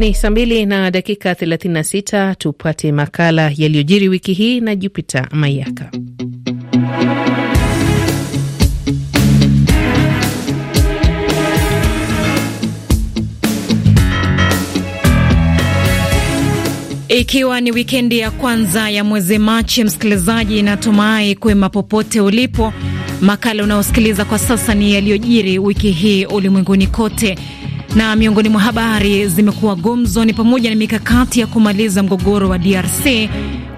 Ni saa mbili na dakika 36. Tupate makala yaliyojiri wiki hii na Jupiter Mayaka. Ikiwa ni wikendi ya kwanza ya mwezi Machi, msikilizaji, natumai kwema popote ulipo. Makala unayosikiliza kwa sasa ni yaliyojiri wiki hii ulimwenguni kote. Na miongoni mwa habari zimekuwa gumzo ni pamoja na mikakati ya kumaliza mgogoro wa DRC,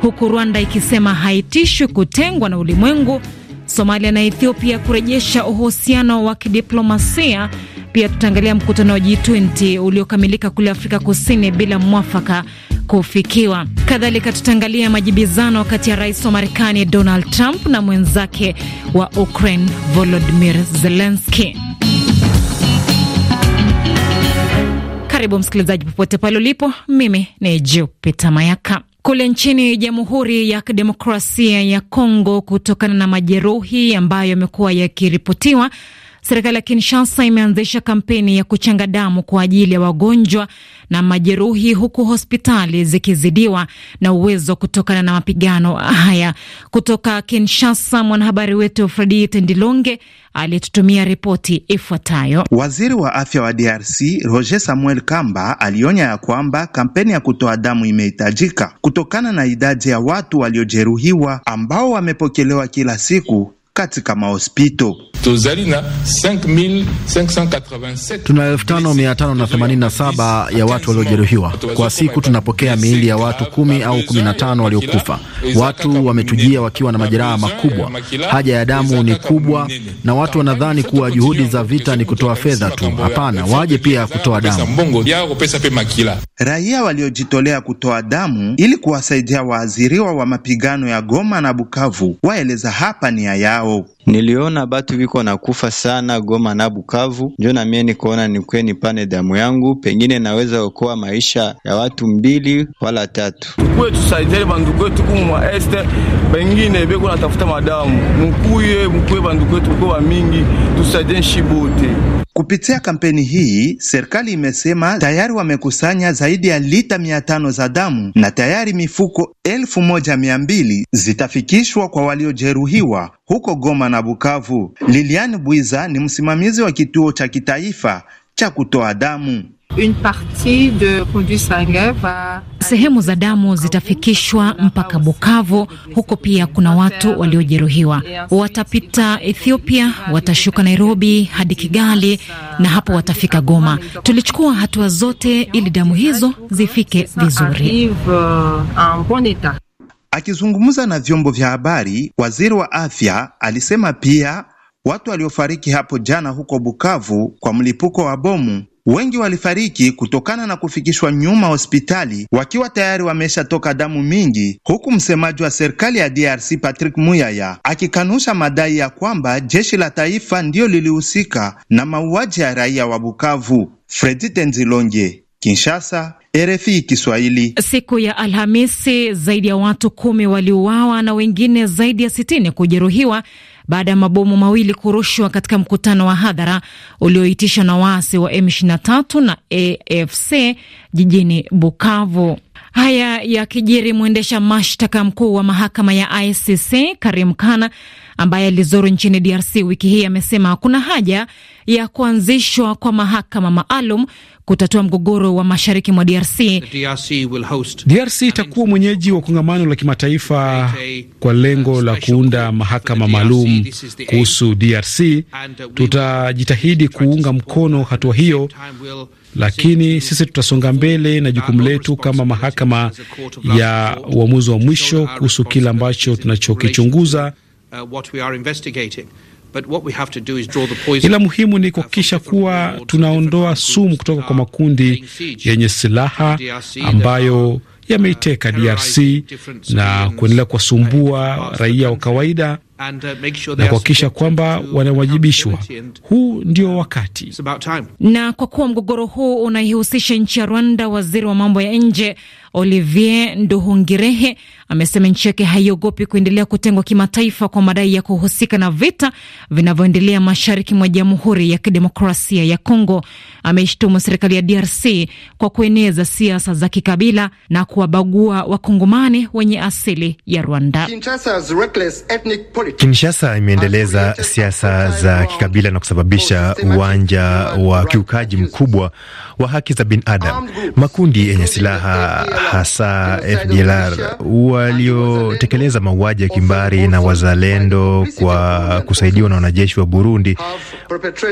huku Rwanda ikisema haitishwi kutengwa na ulimwengu, Somalia na Ethiopia kurejesha uhusiano wa kidiplomasia. Pia tutaangalia mkutano wa G20 uliokamilika kule Afrika Kusini bila mwafaka kufikiwa. Kadhalika tutaangalia majibizano kati ya rais wa Marekani Donald Trump na mwenzake wa Ukraine Volodymyr Zelensky. Karibu msikilizaji, popote pale ulipo. Mimi ni Jupita Mayaka. Kule nchini Jamhuri ya Kidemokrasia ya Kongo, kutokana na majeruhi ambayo yamekuwa yakiripotiwa Serikali ya Kinshasa imeanzisha kampeni ya kuchanga damu kwa ajili ya wagonjwa na majeruhi, huku hospitali zikizidiwa na uwezo kutokana na mapigano haya. Kutoka Kinshasa, mwanahabari wetu Fredi Tendilonge aliyetutumia ripoti ifuatayo. Waziri wa afya wa DRC Roger Samuel Kamba alionya ya kwamba kampeni ya kutoa damu imehitajika kutokana na idadi ya watu waliojeruhiwa ambao wamepokelewa kila siku katika mahospito. Tuna elfu tano mia tano na themanini na saba ya watu waliojeruhiwa kwa siku. Tunapokea miili ya watu kumi au kumi na tano waliokufa. Watu wametujia wakiwa na majeraha makubwa, haja ya damu ni kubwa, na watu wanadhani kuwa juhudi za vita ni kutoa fedha tu. Hapana, waje pia kutoa damu. Raia waliojitolea kutoa damu ili kuwasaidia waadhiriwa wa mapigano ya Goma na Bukavu waeleza hapa nia yao yao. Niliona batu viko na kufa sana Goma na Bukavu, njo namie mie nikaona nikuwe nipane damu yangu, pengine naweza okoa maisha ya watu mbili wala tatu. Tukuye tusaidie banduku yetu kumwa este, pengine beko natafuta madamu, mukuye mukuye banduku yetu kwa mingi, tusaidie nshibote Kupitia kampeni hii, serikali imesema tayari wamekusanya zaidi ya lita mia tano za damu na tayari mifuko elfu moja mia mbili zitafikishwa kwa waliojeruhiwa huko Goma na Bukavu. Lilian Bwiza ni msimamizi wa kituo cha kitaifa cha kutoa damu. Sehemu za damu zitafikishwa mpaka Bukavu. Huko pia kuna watu waliojeruhiwa, watapita Ethiopia, watashuka Nairobi hadi Kigali na hapo watafika Goma. Tulichukua hatua zote ili damu hizo zifike vizuri. Uh, Akizungumza na vyombo vya habari, waziri wa afya alisema pia watu waliofariki hapo jana huko Bukavu kwa mlipuko wa bomu Wengi walifariki kutokana na kufikishwa nyuma hospitali wakiwa tayari wameshatoka damu mingi, huku msemaji wa serikali ya DRC Patrick Muyaya akikanusha madai ya kwamba jeshi la taifa ndiyo lilihusika na mauaji ya raia wa Bukavu. Fredi Tenzilonge, Kinshasa. RFI Kiswahili. Siku ya Alhamisi, zaidi ya watu kumi waliuawa na wengine zaidi ya sitini kujeruhiwa baada ya mabomu mawili kurushwa katika mkutano wa hadhara ulioitishwa na waasi wa M23 na AFC jijini Bukavu. Haya ya kijiri mwendesha mashtaka mkuu wa mahakama ya ICC Karim Khan ambaye alizuru nchini DRC wiki hii amesema kuna haja ya kuanzishwa kwa mahakama maalum kutatua mgogoro wa mashariki mwa DRC. DRC itakuwa mwenyeji wa kongamano la kimataifa uh, kwa lengo la kuunda mahakama maalum kuhusu DRC. Uh, Tutajitahidi kuunga mkono hatua hiyo, lakini sisi tutasonga mbele na jukumu letu kama mahakama ya uamuzi wa mwisho kuhusu kile ambacho tunachokichunguza. Ila muhimu ni kuhakikisha kuwa tunaondoa sumu kutoka kwa ah, makundi yenye silaha ambayo yameiteka uh, DRC na kuendelea kuwasumbua raia wa kawaida uh, na kuhakikisha kwamba wanawajibishwa. Huu ndio wakati. Na kwa kuwa mgogoro huu unaihusisha nchi ya Rwanda, waziri wa mambo ya nje Olivier Nduhungirehe amesema nchi yake haiogopi kuendelea kutengwa kimataifa kwa madai ya kuhusika na vita vinavyoendelea mashariki mwa Jamhuri ya Kidemokrasia ya Kongo. Ameishtumu serikali ya DRC kwa kueneza siasa za kikabila na kuwabagua wakongomani wenye asili ya Rwanda. Kinshasa imeendeleza siasa za kikabila na kusababisha uwanja wa kiukaji mkubwa wa haki za binadamu. Makundi yenye silaha hasa FDLR waliotekeleza mauaji ya kimbari na wazalendo kwa kusaidiwa na wanajeshi wa Burundi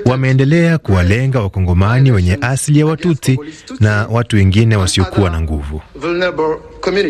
wameendelea kuwalenga wakongomani wenye asili ya watuti na watu wengine wasiokuwa na nguvu.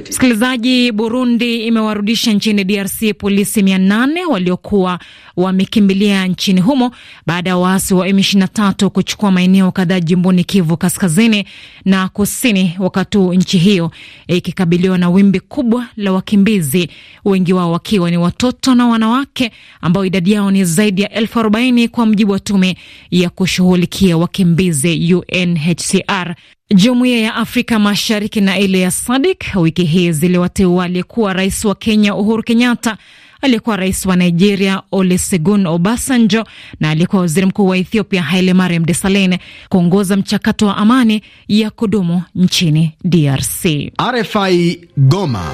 Msikilizaji, Burundi imewarudisha nchini DRC polisi mia nane waliokuwa wamekimbilia nchini humo baada ya waasi wa M23 kuchukua maeneo kadhaa jimboni Kivu kaskazini na kusini, wakati huu nchi hiyo ikikabiliwa na wimbi kubwa la wakimbizi, wengi wao wakiwa ni watoto na wanawake ambao idadi yao ni zaidi ya elfu arobaini kwa mjibu wa tume ya kushughulikia wakimbizi UNHCR. Jumuiya ya Afrika Mashariki na ile ya SADIK wiki hii ziliwateua aliyekuwa rais wa Kenya Uhuru Kenyatta, aliyekuwa rais wa Nigeria Olusegun Obasanjo na aliyekuwa waziri mkuu wa Ethiopia Hailemariam Desalegn kuongoza mchakato wa amani ya kudumu nchini DRC. RFI Goma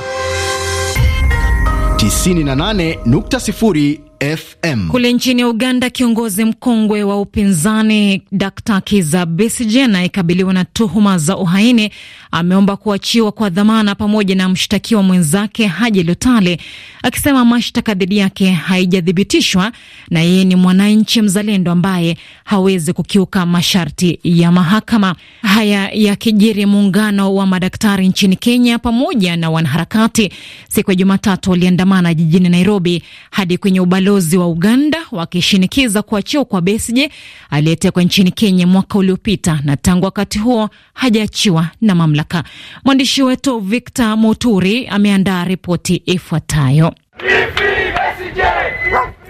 98.0 FM. Kule nchini Uganda, kiongozi mkongwe wa upinzani Dkt. Kiza Besigye anayekabiliwa na tuhuma za uhaini ameomba kuachiwa kwa dhamana pamoja na mshtakiwa mwenzake Haji Lutale, akisema mashtaka dhidi yake haijathibitishwa na yeye ni mwananchi mzalendo ambaye hawezi kukiuka masharti ya mahakama. Haya yakijiri, muungano wa madaktari nchini Kenya pamoja na wanaharakati siku ya Jumatatu waliandamana jijini Nairobi hadi kwenye ubali ubalozi wa Uganda wakishinikiza kuachiwa kwa Besigye aliyetekwa nchini Kenya mwaka uliopita na tangu wakati huo hajaachiwa na mamlaka. Mwandishi wetu Victor Moturi ameandaa ripoti ifuatayo.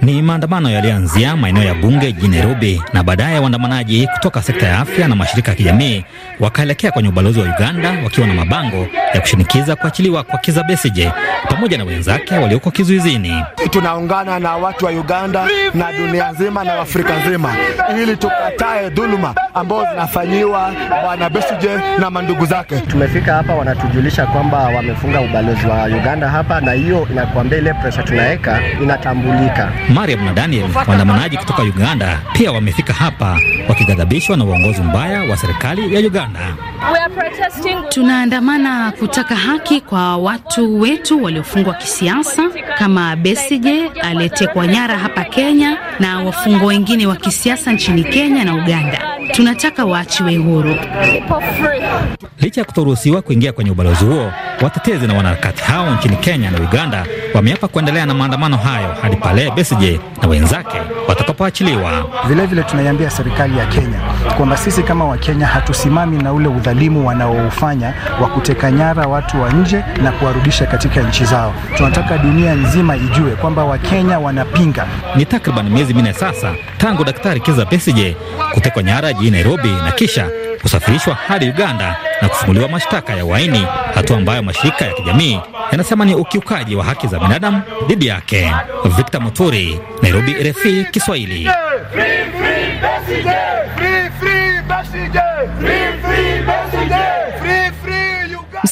Ni maandamano yalianzia maeneo ya bunge jijini Nairobi, na baadaye waandamanaji kutoka sekta ya afya na mashirika ya kijamii wakaelekea kwenye ubalozi wa Uganda wakiwa na mabango ya kushinikiza kuachiliwa kwa Kiza Besije pamoja na wenzake walioko kizuizini. Tunaungana na watu wa Uganda na dunia nzima na Afrika nzima ili tukatae dhuluma ambazo zinafanyiwa bwana Besije na mandugu zake. Tumefika hapa, wanatujulisha kwamba wamefunga ubalozi wa Uganda hapa, na hiyo inakuambia ile pressure tunaweka inatambulika. Mariam na Daniel, waandamanaji kutoka Uganda, pia wamefika hapa wakigadhabishwa na uongozi mbaya wa serikali ya Uganda. Tunaandamana kutaka haki kwa watu wetu waliofungwa kisiasa kama Besije aliyetekwa nyara hapa Kenya na wafungwa wengine wa kisiasa nchini Kenya na Uganda tunataka waachiwe huru. Licha ya kutoruhusiwa kuingia kwenye ubalozi huo, watetezi na wanaharakati hao nchini Kenya na Uganda wameapa kuendelea na maandamano hayo hadi pale Besigye na wenzake wata watakapoachiliwa. Vilevile tunaiambia serikali ya Kenya kwamba sisi kama Wakenya hatusimami na ule udhalimu wanaoufanya wa kuteka nyara watu wa nje na kuwarudisha katika nchi zao. Tunataka dunia nzima ijue kwamba Wakenya wanapinga. Ni takriban miezi minne sasa tangu Daktari Kiza Besije kutekwa nyara jijini Nairobi na kisha kusafirishwa hadi Uganda na kufunguliwa mashtaka ya uhaini, hatua ambayo mashirika ya kijamii yanasema ni ukiukaji wa haki za binadamu dhidi yake. Victor Muturi, Nairobi, RFI Kiswahili. Free, free,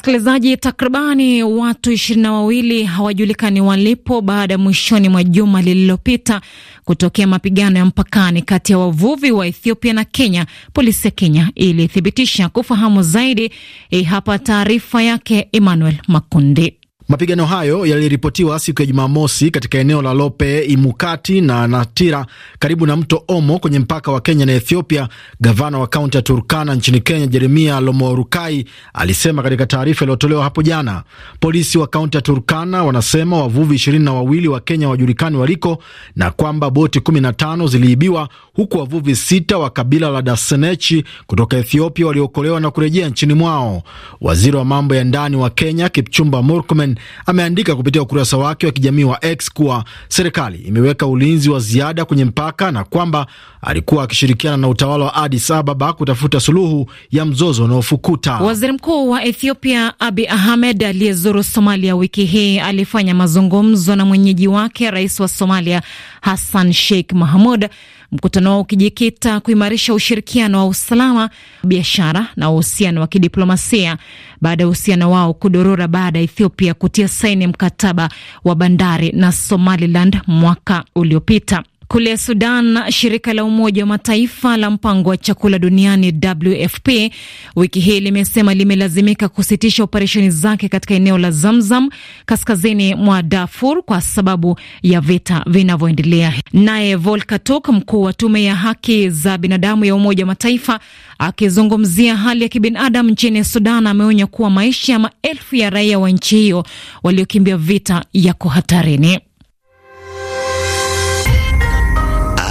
Msikilizaji, takribani watu ishirini na wawili hawajulikani walipo baada ya mwishoni mwa juma lililopita kutokea mapigano ya mpakani kati ya wavuvi wa Ethiopia na Kenya. Polisi ya Kenya ilithibitisha. Kufahamu zaidi, hii eh, hapa taarifa yake Emmanuel Makundi. Mapigano hayo yaliripotiwa siku ya Jumamosi katika eneo la Lope Imukati na Natira karibu na mto Omo kwenye mpaka wa Kenya na Ethiopia. Gavana wa kaunti ya Turkana nchini Kenya, Jeremia Lomorukai, alisema katika taarifa iliyotolewa hapo jana. Polisi wa kaunti ya Turkana wanasema wavuvi ishirini na wawili wa Kenya wajulikani waliko na kwamba boti 15 ziliibiwa huku wavuvi sita wa kabila la Dasenechi kutoka Ethiopia waliokolewa na kurejea nchini mwao. Waziri wa mambo ya ndani wa Kenya Kipchumba Murkomen ameandika kupitia ukurasa wake wa kijamii wa X kuwa serikali imeweka ulinzi wa ziada kwenye mpaka na kwamba alikuwa akishirikiana na utawala wa Addis Ababa kutafuta suluhu ya mzozo unaofukuta. Waziri Mkuu wa Ethiopia Abi Ahmed aliyezuru Somalia wiki hii alifanya mazungumzo na mwenyeji wake rais wa Somalia Hassan Sheikh Mahmud, mkutano wao ukijikita kuimarisha ushirikiano wa usalama, biashara na uhusiano wa kidiplomasia baada ya uhusiano wao kudorora baada ya Ethiopia kutia saini mkataba wa bandari na Somaliland mwaka uliopita. Kule Sudan, shirika la Umoja wa Mataifa la mpango wa chakula duniani WFP wiki hii limesema limelazimika kusitisha operesheni zake katika eneo la Zamzam kaskazini mwa Darfur kwa sababu ya vita vinavyoendelea. Naye Volker Turk, mkuu wa tume ya haki za binadamu ya Umoja wa Mataifa, akizungumzia hali ya kibinadamu nchini Sudan, ameonya kuwa maisha ya maelfu ya raia wa nchi hiyo waliokimbia vita yako hatarini.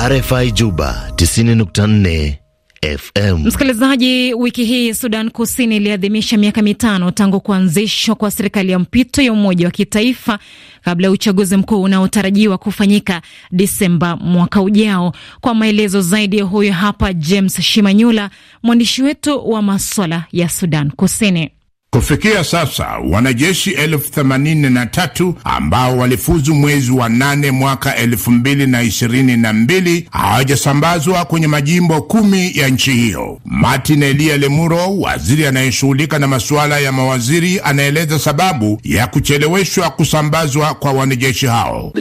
RFI Juba 90.4 FM. Msikilizaji, wiki hii Sudan Kusini iliadhimisha miaka mitano tangu kuanzishwa kwa serikali ya mpito ya umoja wa kitaifa kabla ya uchaguzi mkuu unaotarajiwa kufanyika Disemba mwaka ujao. Kwa maelezo zaidi, huyo hapa James Shimanyula, mwandishi wetu wa maswala ya Sudan Kusini. Kufikia sasa wanajeshi elfu themanini na tatu ambao walifuzu mwezi wa nane mwaka elfu mbili na ishirini na mbili hawajasambazwa kwenye majimbo kumi ya nchi hiyo. Martin Elia Lemuro, waziri anayeshughulika na masuala ya mawaziri, anaeleza sababu ya kucheleweshwa kusambazwa kwa wanajeshi hao.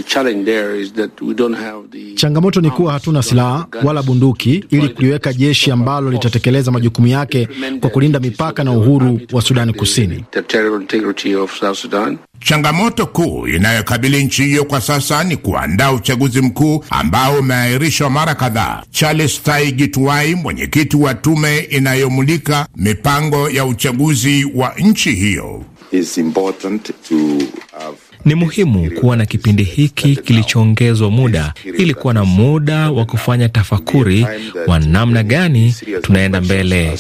changamoto ni kuwa hatuna silaha wala bunduki ili kuliweka jeshi ambalo litatekeleza majukumu yake kwa kulinda mipaka na uhuru wa Sudani. Kusini. Changamoto kuu inayokabili nchi hiyo kwa sasa ni kuandaa uchaguzi mkuu ambao umeahirishwa mara kadhaa. Charles Tai Gitwai, mwenyekiti wa tume inayomulika mipango ya uchaguzi wa nchi hiyo, It's important to have ni muhimu kuwa na kipindi hiki kilichoongezwa muda ili kuwa na muda wa kufanya tafakuri wa namna gani tunaenda mbele.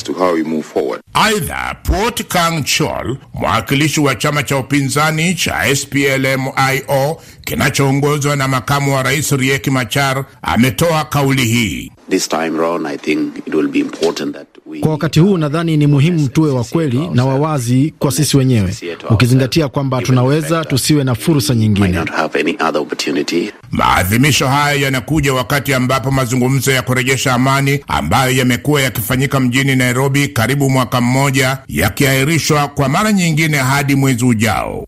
Aidha, port Kang Chol, mwakilishi wa chama cha upinzani cha splmio kinachoongozwa na makamu wa rais Rieki Machar, ametoa kauli hii. Kwa wakati huu nadhani ni muhimu tuwe wa kweli na wawazi kwa sisi wenyewe, ukizingatia kwamba tunaweza tusiwe na fursa nyingine. Maadhimisho haya yanakuja wakati ambapo mazungumzo ya kurejesha amani ambayo yamekuwa yakifanyika mjini Nairobi karibu mwaka mmoja yakiahirishwa kwa mara nyingine hadi mwezi ujao.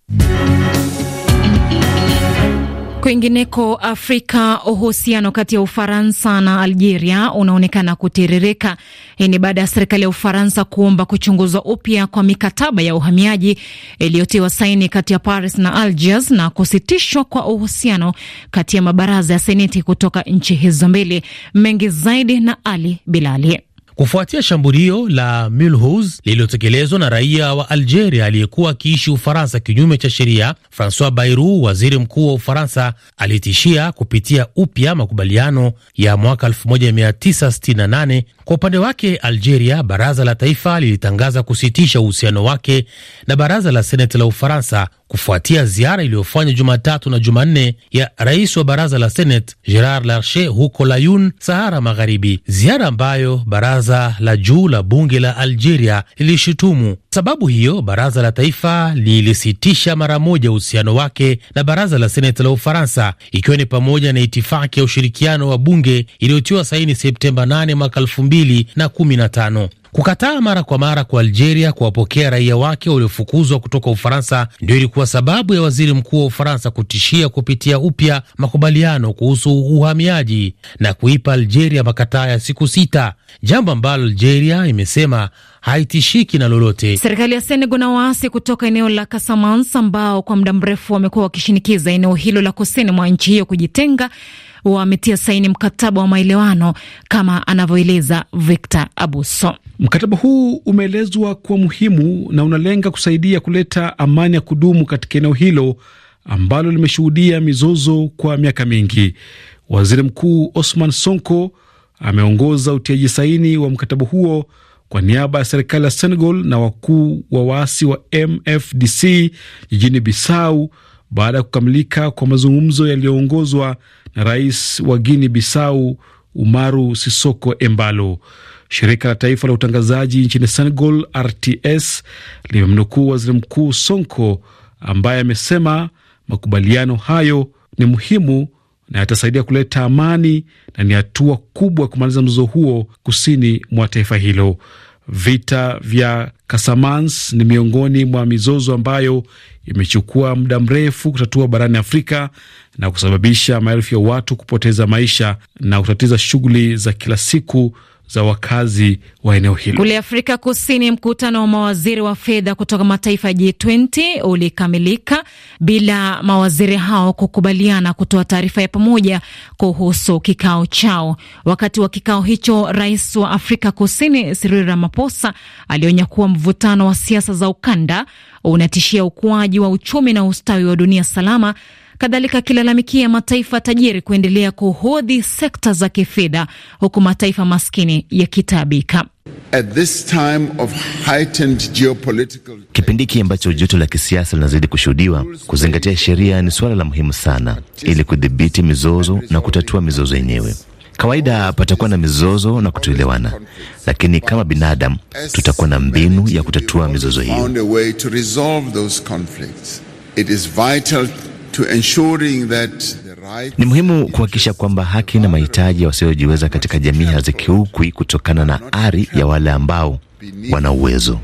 Kwingineko Afrika, uhusiano kati ya Ufaransa na Algeria unaonekana kutiririka. Hii ni baada ya serikali ya Ufaransa kuomba kuchunguzwa upya kwa mikataba ya uhamiaji iliyotiwa saini kati ya Paris na Algiers na kusitishwa kwa uhusiano kati ya mabaraza ya seneti kutoka nchi hizo mbili. Mengi zaidi na Ali Bilali kufuatia shambulio la Mulhouse lililotekelezwa na raia wa Algeria aliyekuwa akiishi Ufaransa kinyume cha sheria. Francois Bayrou, waziri mkuu wa Ufaransa, alitishia kupitia upya makubaliano ya mwaka 1968. Kwa upande wake Algeria, baraza la taifa lilitangaza kusitisha uhusiano wake na baraza la seneti la Ufaransa kufuatia ziara iliyofanywa Jumatatu na Jumanne ya rais wa baraza la Senate Gerard Larcher huko Layun, Sahara Magharibi, ziara ambayo baraza la juu la bunge la Algeria lilishutumu. Sababu hiyo baraza la taifa lilisitisha mara moja uhusiano wake na baraza la seneti la Ufaransa, ikiwa ni pamoja na itifaki ya ushirikiano wa bunge iliyotiwa saini Septemba 8 mwaka 2015. Kukataa mara kwa mara kwa Algeria kuwapokea raia wake waliofukuzwa kutoka Ufaransa ndio ilikuwa sababu ya waziri mkuu wa Ufaransa kutishia kupitia upya makubaliano kuhusu uhamiaji na kuipa Algeria makataa ya siku sita, jambo ambalo Algeria imesema haitishiki na lolote. Serikali ya Senegal na waasi kutoka eneo la Kasamans ambao kwa muda mrefu wamekuwa wakishinikiza eneo hilo la kusini mwa nchi hiyo kujitenga wametia saini mkataba wa maelewano kama anavyoeleza Victor Abuso. Mkataba huu umeelezwa kuwa muhimu na unalenga kusaidia kuleta amani ya kudumu katika eneo hilo ambalo limeshuhudia mizozo kwa miaka mingi. Waziri Mkuu Osman Sonko ameongoza utiaji saini wa mkataba huo kwa niaba ya serikali ya Senegal na wakuu wa waasi wa MFDC jijini Bissau baada ya kukamilika kwa mazungumzo yaliyoongozwa na rais wa Guinea Bissau Umaru Sisoko Embalo. Shirika la taifa la utangazaji nchini Senegal, RTS, limemnukuu waziri mkuu Sonko ambaye amesema makubaliano hayo ni muhimu na yatasaidia kuleta amani na ni hatua kubwa ya kumaliza mzozo huo kusini mwa taifa hilo. Vita vya Kasamans ni miongoni mwa mizozo ambayo imechukua muda mrefu kutatua barani Afrika na kusababisha maelfu ya watu kupoteza maisha na kutatiza shughuli za kila siku za wakazi wa eneo hilo. Kule Afrika Kusini, mkutano wa mawaziri wa fedha kutoka mataifa ya G20 ulikamilika bila mawaziri hao kukubaliana kutoa taarifa ya pamoja kuhusu kikao chao. Wakati wa kikao hicho, rais wa Afrika Kusini Cyril Ramaphosa alionya kuwa mvutano wa siasa za ukanda unatishia ukuaji wa uchumi na ustawi wa dunia salama kadhalika akilalamikia mataifa tajiri kuendelea kuhodhi sekta za kifedha huku mataifa maskini yakitabika. Geopolitical... kipindi hiki ambacho joto la kisiasa linazidi kushuhudiwa, kuzingatia sheria ni suala la muhimu sana, ili kudhibiti mizozo na kutatua mizozo yenyewe. Kawaida patakuwa na mizozo na kutoelewana, lakini kama binadamu tutakuwa na mbinu ya kutatua mizozo hiyo to ensuring that ni muhimu kuhakikisha kwamba haki na mahitaji ya wasiojiweza katika jamii hazikiukwi kutokana na ari ya wale ambao wana uwezo.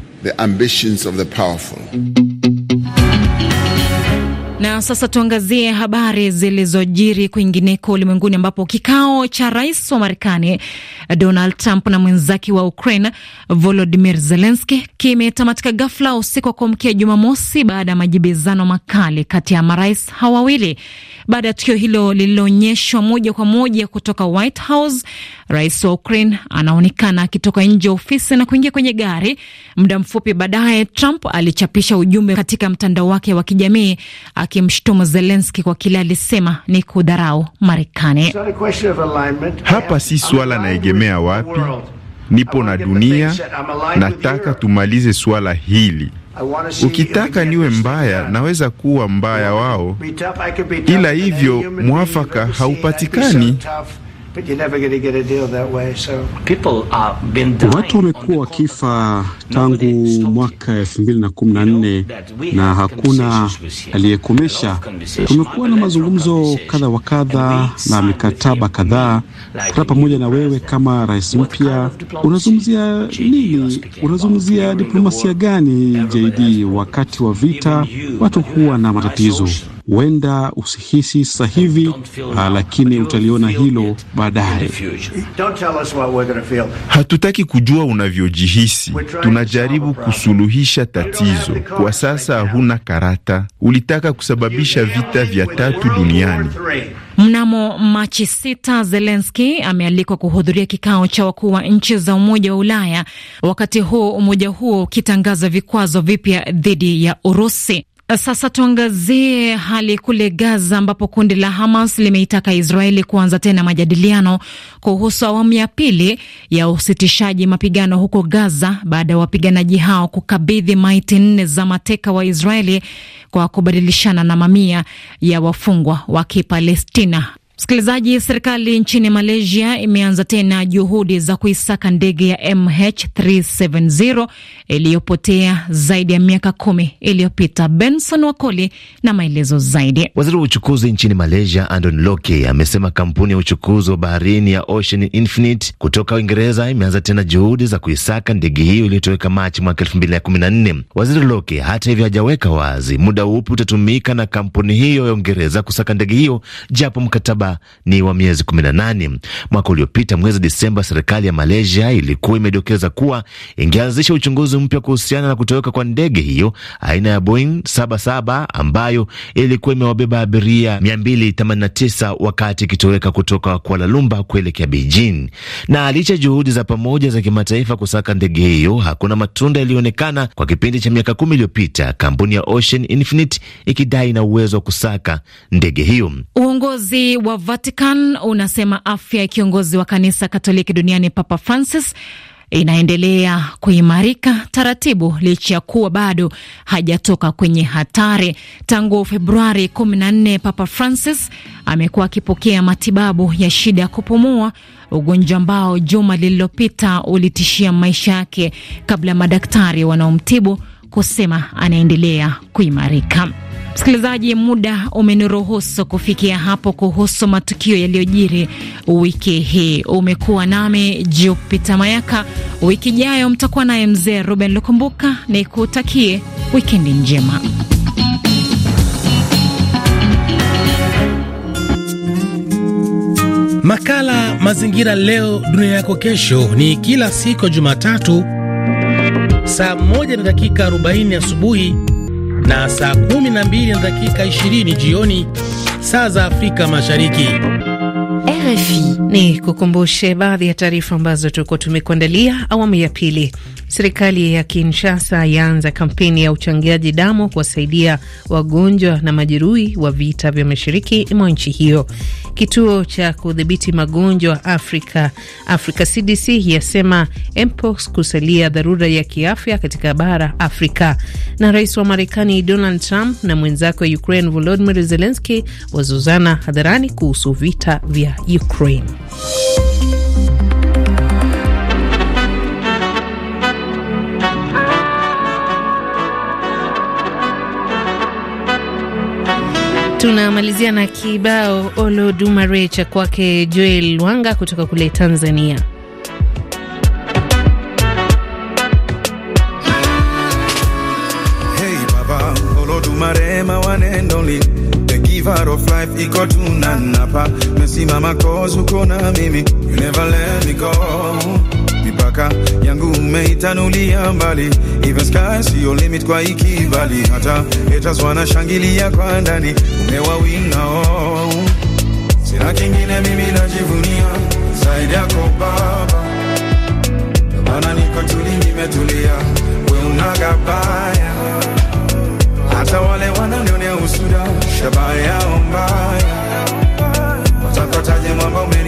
Na sasa tuangazie habari zilizojiri kwingineko ulimwenguni, ambapo kikao cha rais wa Marekani Donald Trump na mwenzake wa Ukraine Volodimir Zelenski kimetamatika ghafla usiku wa kuamkia Jumamosi baada ya majibizano makali kati ya marais hawa wawili. Baada ya tukio hilo lililoonyeshwa moja kwa moja kutoka White House, rais wa Ukraine anaonekana akitoka nje ya ofisi na kuingia kwenye gari. Muda mfupi baadaye, Trump alichapisha ujumbe katika mtandao wake wa kijamii akimshutumu Zelenski kwa kile alisema ni kudharau Marekani. Hapa si swala naegemea wapi nipo na dunia, nataka tumalize swala hili. Ukitaka niwe mbaya, naweza kuwa mbaya wao, ila hivyo mwafaka haupatikani. Watu wamekuwa wakifa tangu mwaka elfu mbili na kumi na nne na hakuna aliyekomesha. Tumekuwa na mazungumzo kadha wa kadha na mikataba kadhaa. Hata pamoja na wewe kama rais mpya, unazungumzia nini? Unazungumzia diplomasia gani, JD? Wakati wa vita watu huwa na matatizo huenda usihisi sasa hivi, ah, lakini utaliona hilo baadaye. Hatutaki kujua unavyojihisi, tunajaribu kusuluhisha tatizo. Kwa sasa huna karata, ulitaka kusababisha vita vya tatu duniani. Mnamo Machi sita, Zelenski amealikwa kuhudhuria kikao cha wakuu wa nchi za Umoja wa Ulaya, wakati huu umoja huo ukitangaza vikwazo vipya dhidi ya Urusi. Sasa tuangazie hali kule Gaza ambapo kundi la Hamas limeitaka Israeli kuanza tena majadiliano kuhusu awamu ya pili ya usitishaji mapigano huko Gaza baada ya wapiganaji hao kukabidhi maiti nne za mateka wa Israeli kwa kubadilishana na mamia ya wafungwa wa Kipalestina. Msikilizaji, serikali nchini Malaysia imeanza tena juhudi za kuisaka ndege ya MH370 iliyopotea zaidi ya miaka kumi iliyopita. Benson Wakoli na maelezo zaidi. Waziri wa uchukuzi nchini Malaysia Anton Loke amesema kampuni ya uchukuzi wa baharini ya Ocean Infinite kutoka Uingereza imeanza tena juhudi za kuisaka ndege hiyo iliyotoweka Machi mwaka nne. Waziri Loke hata hivyo hajaweka wazi muda upi utatumika na kampuni hiyo ya Uingereza kusaka ndege hiyo, japo mkataba ni wa miezi 18. Mwaka uliopita mwezi Desemba, serikali ya Malaysia ilikuwa imedokeza kuwa ingeanzisha uchunguzi mpya kuhusiana na kutoweka kwa ndege hiyo aina ya Boeing 77 ambayo ilikuwa imewabeba abiria 289 wakati ikitoweka kutoka Kuala Lumpur kuelekea Beijing. Na licha juhudi za pamoja za kimataifa kusaka ndege hiyo, hakuna matunda yaliyoonekana kwa kipindi cha miaka kumi iliyopita, kampuni ya Ocean Infinite ikidai na uwezo wa kusaka ndege hiyo. Uongozi wa Vatican unasema afya ya kiongozi wa kanisa Katoliki duniani Papa Francis inaendelea kuimarika taratibu licha ya kuwa bado hajatoka kwenye hatari. Tangu Februari 14 Papa Francis amekuwa akipokea matibabu ya shida ya kupumua, ugonjwa ambao juma lililopita ulitishia maisha yake kabla ya madaktari wanaomtibu kusema anaendelea kuimarika. Msikilizaji, muda umeniruhusu kufikia hapo kuhusu matukio yaliyojiri wiki hii. Umekuwa nami Jupita Mayaka. Wiki ijayo mtakuwa naye mzee Ruben Lukumbuka. Ni kutakie wikendi njema. Makala Mazingira Leo Dunia Yako Kesho ni kila siku ya Jumatatu saa 1 na dakika 40 asubuhi na saa 12 na dakika 20 jioni saa za Afrika Mashariki. RFI. Ni kukumbushe baadhi ya taarifa ambazo tulikuwa tumekuandalia awamu ya pili. Serikali ya Kinshasa yaanza kampeni ya uchangiaji damu kuwasaidia wagonjwa na majeruhi wa vita vya mashariki mwa nchi hiyo. Kituo cha kudhibiti magonjwa Afrika Africa CDC yasema mpox kusalia dharura ya kiafya katika bara Afrika. Na rais wa Marekani Donald Trump na mwenzake wa Ukraine Volodymyr Zelensky wazozana hadharani kuhusu vita vya Ukraine. Tunamalizia na kibao Olodumare cha kwake Joel Lwanga kutoka kule Tanzania. Hey, baba, far of life iko tunanapa, mesimama cause uko na mimi, you never let me go. Mipaka yangu umeitanulia mbali, even sky siyo limit kwa ikibali, hata haters wanashangilia kwa ndani, umewawinga oh. Sina kingine mimi najivunia zaidi yako Baba, maana niko tuli, nimetulia, we unagabaya hata wale wananionea usuda shabaya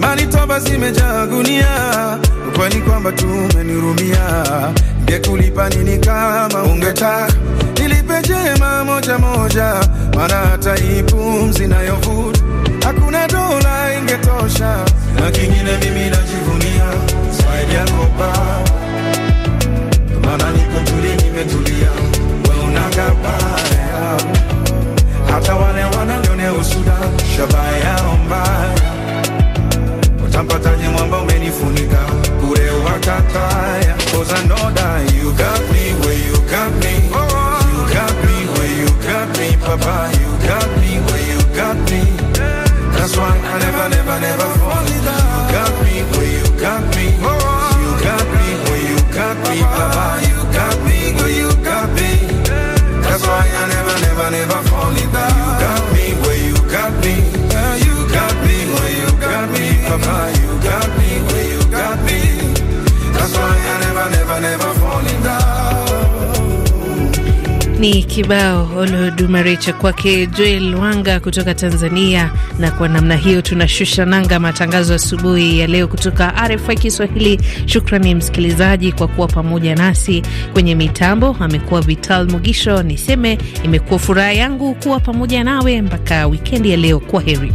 kama toba zimejaa gunia, ukweli kwamba tumenirumia. ngekulipa nini kama ungetaka nilipe jema moja moja, mana hata ipumzi nayovuta hakuna dola ingetosha, na kingine mimi najivunia zaidi ya kopa, mana niko tuli nimetulia, wewe unakabaya, hata wale wananionea usuda shabaya yao mbaya Tampatanye mwamba umenifunika kule wakataya Cause I know that you got me where you got me You got me where you got me Papa you got me where you got me That's why I never never never fall in love You got me where you got me You got me where you got me Papa you got me where you got me kibao olodumarecha kwake Joel Wanga kutoka Tanzania. Na kwa namna hiyo tunashusha nanga matangazo asubuhi ya leo kutoka RFI Kiswahili. Shukrani msikilizaji kwa kuwa pamoja nasi kwenye mitambo, amekuwa Vital Mugisho. Niseme imekuwa furaha yangu kuwa pamoja nawe mpaka wikendi ya leo. Kwa heri.